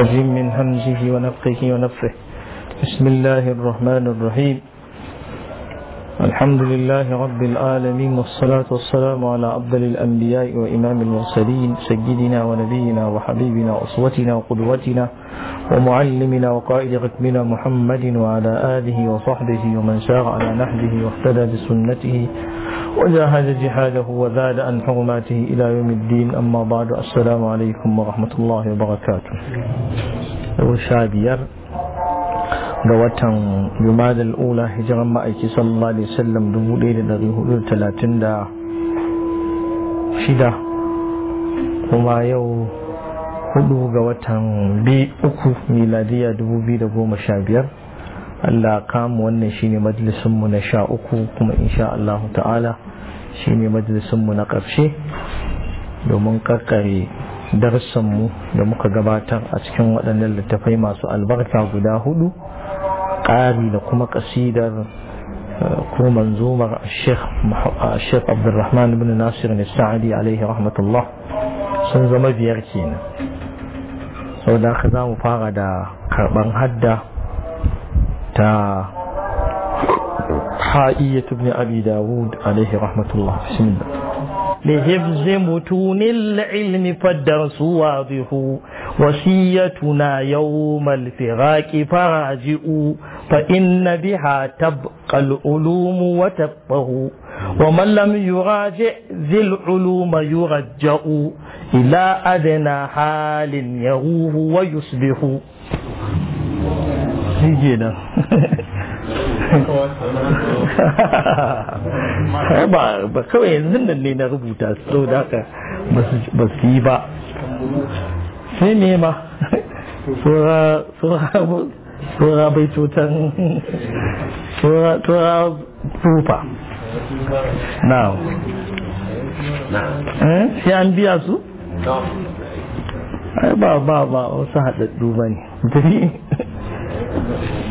الرجيم من همزه ونفقه ونفه بسم الله الرحمن الرحيم الحمد لله رب العالمين والصلاة والسلام على أفضل الأنبياء وإمام المرسلين سيدنا ونبينا وحبيبنا وأسوتنا وقدوتنا ومعلمنا وقائد ركبنا محمد وعلى آله وصحبه ومن سار على نهجه واهتدى بسنته وجاهد جهاده وزاد عن حرماته إلى يوم الدين أما بعد السلام عليكم ورحمة الله وبركاته وشابير ga watan jumadal ula hijiran ma'aiki sallallahu alaihi da shida kuma yau hudu ga watan bi uku miladiya 2015 Allah kamu wannan shine majalisunmu na sha uku kuma insha Allah ta'ala shine majalisunmu na ƙarshe domin karkare darussanmu da muka gabatar a cikin waɗannan littafai masu albarka guda hudu ƙari da kuma ƙasidar eh, ko manzumar eh, Sheikh Abdulrahman ibn Nasir ne Sa'adi alaihi rahmatullah sun zama biyar kenan. Sau da haka za mu fara da karɓar hadda حتى حائية بن أبي داود عليه رحمة الله بسم الله لحفظ متون العلم فالدرس واضح وصيتنا يوم الفراق فراجئوا فإن بها تبقى العلوم وتبقه ومن لم يراجع ذي العلوم يرجأ إلى أدنى حال يغوه ويصبح shi kenan ba kawai yanzu nan ne na rubuta su da haka ba su yi ba sai ne ma tsora bai cutar tsora tsufa na eh, sai an biya su ba ba ba wasu haɗaɗɗu ba ne